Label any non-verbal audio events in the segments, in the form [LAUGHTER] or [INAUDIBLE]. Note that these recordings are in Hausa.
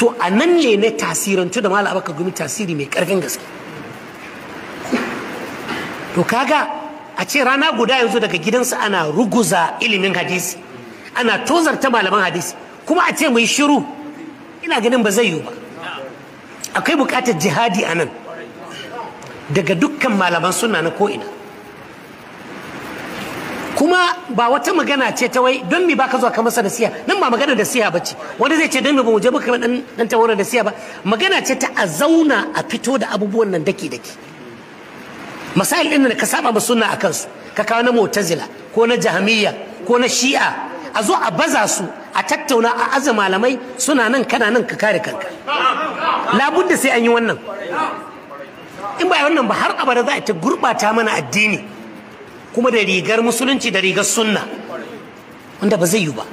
to a nan ne na tasirantu da malam ka gumi tasiri mai karfin gaske to kaga a ce rana guda yanzu daga gidansa ana ruguza ilimin hadisi ana tozarta malaman hadisi kuma a ce mai shiru ina ganin ba zai yiwu ba akwai bukatar jihadi a nan daga dukkan malaman suna na ko'ina kuma ba wata magana ce ta wai don mi baka zuwa ka masa nasiha nan ba magana da siya bace wanda zai ce don mi ba mu je muka dan dan tawara da siya ba magana ce ta a zauna a fito da abubuwan nan daki daki masail din da ka saba ba sunna akan su ka kawo na mu'tazila ko na jahamiyya ko na shi'a a zo a baza su a tattauna a aza malamai suna nan kana nan ka kare kanka labudda sai an yi wannan in ba wannan ba har abada za ta gurbata mana addini kuma da rigar musulunci da rigar sunna wanda ba zai yi ba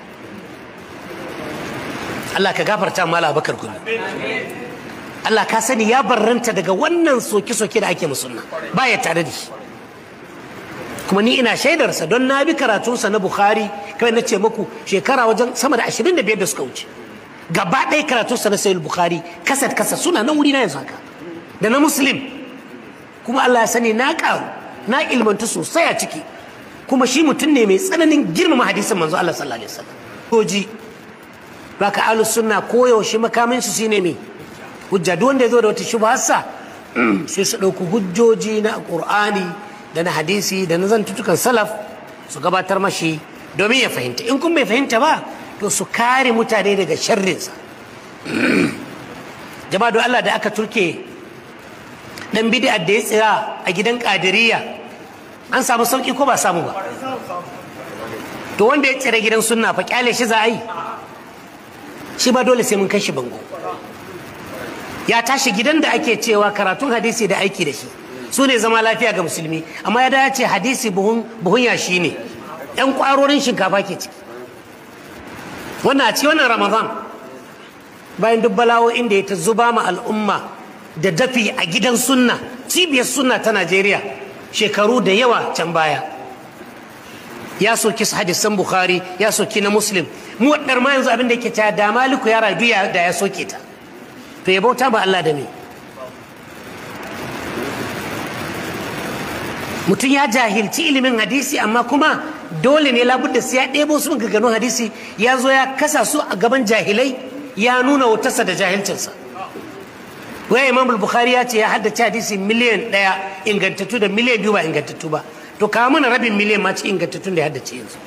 Allah ka gafarta mala bakar gumi Allah ka sani ya barranta daga wannan soke-soke da ake musulna ba ya tare da shi kuma ni ina shaidarsa don na bi karatunsa na bukhari kai na ce muku shekara wajen sama da ashirin da biyar da suka wuce gaba ɗaya karatunsa na Sayyid bukhari kasat kasa suna na wuri na yanzu haka da na muslim kuma Allah ya sani na ƙaru na ilmanta sosai a ciki kuma shi mutum ne mai tsananin girmama hadisin manzo Allah sallallahu alaihi wasallam koji baka alu sunna koyaushe makamin su shine me hujja duk wanda yazo da wata shubhassa [CLEARS THROAT] sai su dauki hujjoji na qur'ani da na hadisi da na zantutukan salaf su gabatar mashi domin ya fahimta in kun bai fahimta ba to su kare mutane daga sharrinsa [CLEARS THROAT] jama'a don Allah da aka turke dan bid'a da ya tsira a gidan qadiriyya an samu sauki ko ba samu ba to wanda ya tsira gidan sunna fa kyale shi za a yi shi ba dole sai mun kai shi bango ya tashi gidan da ake cewa karatun hadisi da aiki da shi su ne zama lafiya ga musulmi amma ya dace hadisi buhun yashi ne yan kwarorin shinkafa ke ciki wannan a ci wannan ramadan bayan duk balawo inda ya ta zuba ma al'umma da dafi a gidan sunna cibiyar sunna ta najeriya shekaru da yawa can baya ya soki hadisan bukhari ya soki na muslim mu wadar ma yanzu abin da yake ta da maliku ya rayu da ya soke ta to ya bauta ba Allah da ni. mutum ya jahilci ilimin hadisi amma kuma dole ne labudda sai ya ɗebo su maganganun hadisi ya zo ya kasa su a gaban jahilai ya nuna wutarsa da jahilcinsa wai imam bukhari ya ce ya haddace hadisi miliyan ɗaya ingantattu da miliyan biyu ba ingantattu ba to kawo mana rabin miliyan ma ci ingantattun da ya haddace yanzu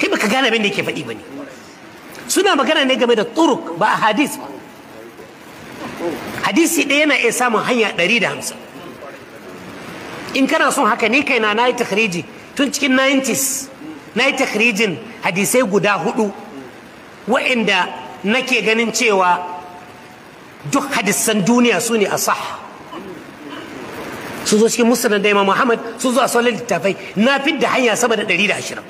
kai baka gane abin da yake faɗi ba ne suna magana ne game da turuk ba a hadis ba hadisi ɗaya yana iya samun hanya ɗari da hamsin in kana son haka ni kaina na yi takhriji tun cikin 90s na yi takhrijin hadisai guda hudu wa'inda nake ganin cewa duk hadisan duniya su ne a sah su zo cikin musulun da imam muhammad su zo a sauran littafai na da hanya sama da 120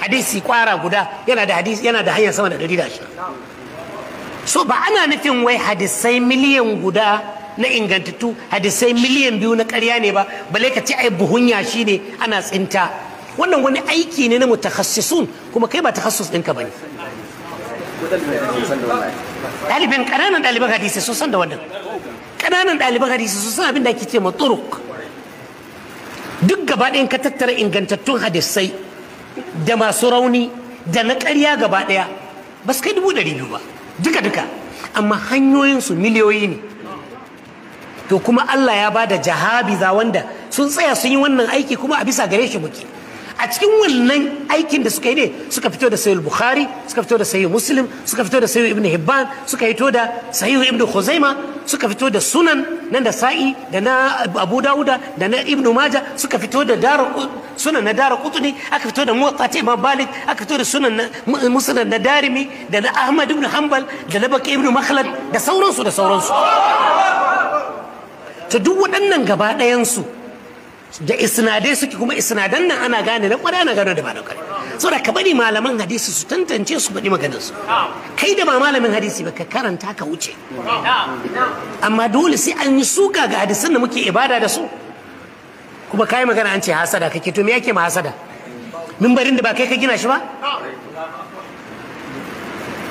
hadisi kwara guda yana da hadisi yana da hanya da 120 so ba ana nufin wai hadisai miliyan guda na ingantattu hadisai miliyan biyu na karya ne ba bale ka ce ai buhunya shine ana tsinta wannan wani aiki ne na mutakhassisun kuma kai ba takhassus ɗinka ba ne ɗaliban ƙananan ɗaliban hadisi sun san da wannan ƙananan ɗaliban hadisi sun san abin da ake ce ma turuk duk gaba ɗayan ka tattara ingantattun hadisai da masu rauni da na ƙarya gaba ɗaya ba su kai dubu ɗari biyu ba duka duka amma hanyoyinsu miliyoyi ne to kuma Allah ya ba da jahabiza wanda sun tsaya sun yi wannan aiki kuma a bisa gare shi muke a cikin wannan aikin da suka yi ne suka fito da sayi bukhari suka fito da sayi muslim suka fito da sayi ibn hibban suka fito da sayi ibn khuzaima suka fito da sunan nan da sa'i da na abu dauda da na ibn maja suka fito da sunan na dara kutuni aka fito da muwatta ta imam balik aka fito da sunan musulun na darimi da na ahmad ibn hanbal da na baki ibn makhlad da sauransu da sauransu ta duk waɗannan gaba ɗayansu su da isnadai suke kuma isnadan nan ana gane na kwarai ana gane da ba da kwarai saboda ka bari malaman hadisi su tantance su bari maganar su kai da ba malamin hadisi ba ka karanta ka wuce amma dole sai an yi suka ga hadisan da muke ibada da su kuma kai magana an ce hasada kake to me yake ma hasada mimbarin da ba kai ka gina shi ba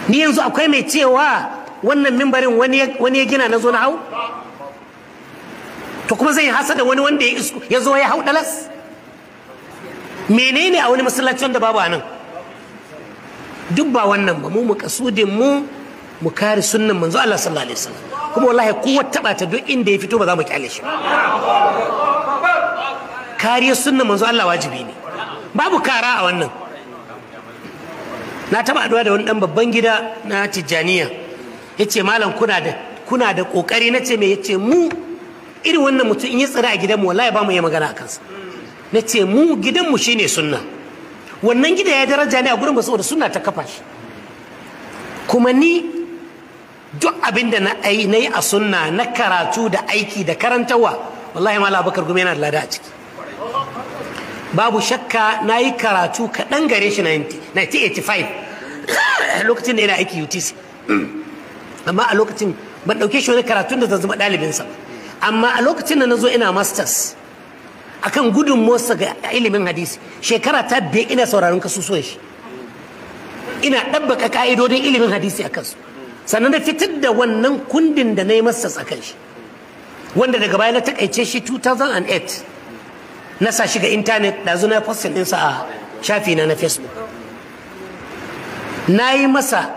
ni yanzu akwai mai cewa wannan mimbarin wani ya gina na zo na hau to kuma zai da wani wanda ya zo ya hau dalas menene a wani masallaci wanda babu anan duk ba wannan ba mu makasudin mu mu kare sunnan manzo Allah sallallahu alaihi wasallam kuma wallahi kowa taba ta duk inda ya fito ba za mu kyale shi kariyar sunnan manzo Allah wajibi ne babu kara a wannan na taba addu'a da wani dan babban gida na tijjaniya yace malam kuna da kuna da kokari na me ya mu irin wannan mutum in yi tsira a gidanmu wallahi ba mu yi magana a kansa na ce mu gidanmu shine sunna wannan gida ya daraja ne a gurin basu saboda suna ta kafa shi kuma ni duk abin da na yi a sunna na karatu da aiki da karantarwa wallahi mala bakar gumi yana da lada a ciki babu shakka na yi karatu kaɗan gare shi 1985 [COUGHS] lokacin da yana aiki utc amma a lokacin ban ɗauke shi wani karatun da zan zama ɗalibinsa ba amma a lokacin da na zo ina masters akan gudun motsa ga ilimin hadisi shekara ta biya ina sauraron kasu soya shi ina ɗabbaka ka'idodin ilimin hadisi a kansu sannan da fitar da wannan kundin da na yi masters a kan shi wanda daga baya na takaice shi 2008 na sa shi ga intanet ɗazu na postin ɗinsa a shafi na na facebook na yi masa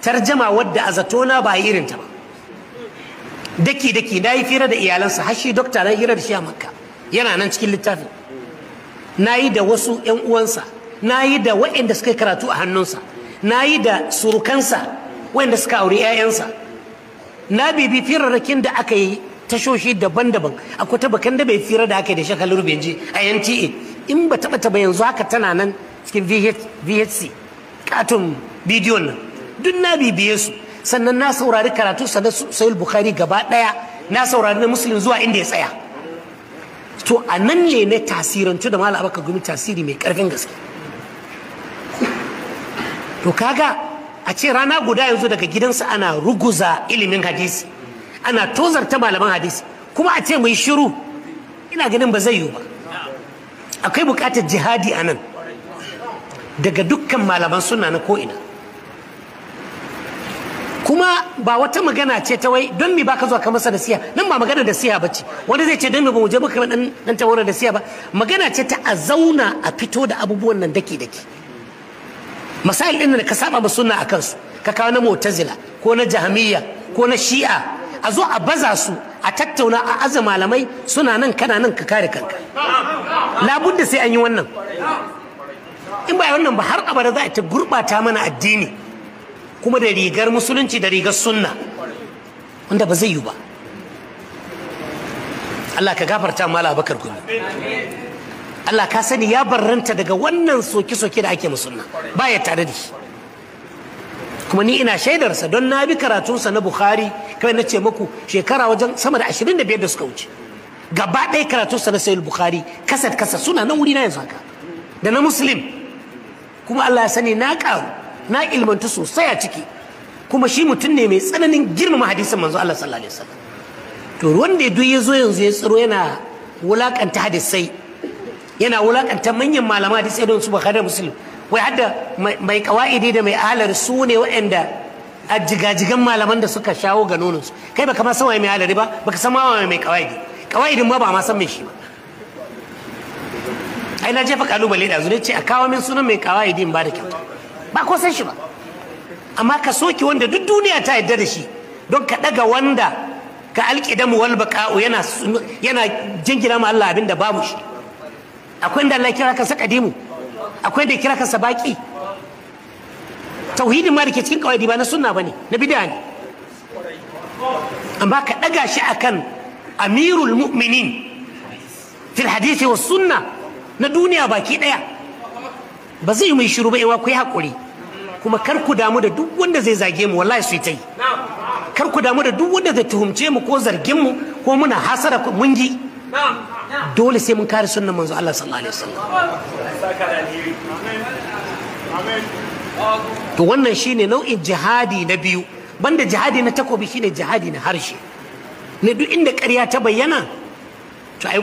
tarjama wadda a zatona ba yi irinta ba daki daki na yi fira da iyalansa har shi dokta na hira da shi a makka yana nan cikin littafin na yi da wasu yan uwansa na yi da waɗanda suka yi karatu a hannunsa na yi da surukansa waɗanda suka auri 'ya'yansa na bibi firarrakin da aka yi tashoshi daban-daban akwai ta bakan da bai fira da aka yi da shakalar rubenji a nta in ba taɓa taɓa yanzu haka tana nan cikin vhc katon bidiyon nan duk na bibiye su sannan na saurari karatu sannan sai bukhari gaba ɗaya na saurari na muslim zuwa inda ya tsaya to a nan ne na tasirantu da malam abaka gumi tasiri mai karfin gaske to kaga a ce rana guda yanzu daga gidansa ana ruguza ilimin hadisi ana tozarta malaman hadisi kuma a ce mai shiru ina ganin ba zai yiwu ba akwai bukatar jihadi a nan daga dukkan malaman suna na ko'ina kuma ba wata magana ce ta wai don me baka zuwa ka masa da siya nan ba magana da siya bace wanda zai ce don me ba mu je muka dan dan tawara da siya ba magana ce ta a zauna a fito da abubuwan nan dake-dake masail din da ka saba ba sunna akan su ka kawo na mu'tazila ko na jahamiyya ko na shi'a a zo a baza su a tattauna a aza malamai suna nan kana nan ka kare kanka labudda sai an yi wannan in ba wannan ba har abada za a ta gurbata mana addini kuma da rigar musulunci da rigar sunna wanda ba zai yi ba Allah ka gafarta mala bakar gumi Allah ka sani ya barranta daga wannan soke-soke da ake musulna ba ya tare da shi kuma ni ina shaidarsa don na bi karatunsa na bukhari kawai na ce muku shekara wajen sama da 25 da suka wuce gaba ɗaya karatunsa na sayul bukhari kasat kasa suna na wuri na yanzu haka da na musulim kuma Allah ya sani na ƙaru na ilmanta sosai a ciki kuma shi mutum ne mai tsananin girmama hadisin manzo Allah sallallahu alaihi wasallam to wanda duk ya zo yanzu ya tsaro yana wulakanta hadisai yana wulakanta manyan malama hadisai don su bukhari muslim wai hadda mai kawaidi da mai alar su ne waɗanda a jigajigan malaman da suka shawo ga nonon su kai baka ma san mai alari ba baka san ma mai kawaidi kawaidin ma ba ma san mai shi ba ai na jefa kalubale da zure ce a kawo min sunan mai kawaidi in ba da kyauta ba ko san shi ba amma ka soki wanda duk duniya ta yarda da shi don ka daga wanda ka alƙidamu wal baqa'u yana yana jingira ma Allah abinda babu shi akwai inda Allah kira kansa kadimu akwai inda kira kansa baki tauhidin ma dake cikin kawai ba na sunna bane na bid'a ne amma ka ɗaga shi akan amirul mu'minin fil hadisi was sunna na duniya baki ɗaya ba zai mai shiru ba ewa ku yi haƙuri kuma kar ku damu da duk wanda zai zage mu wallahi su ta yi kar ku damu da duk wanda zai tuhumce mu ko zargin mu ko muna hasara mun yi dole sai mun kare sunnan manzo Allah sallallahu alaihi wasallam to wannan shine nau'in jihadi na biyu banda jihadi na takobi shine jihadi na harshe ne duk inda ƙarya ta bayyana to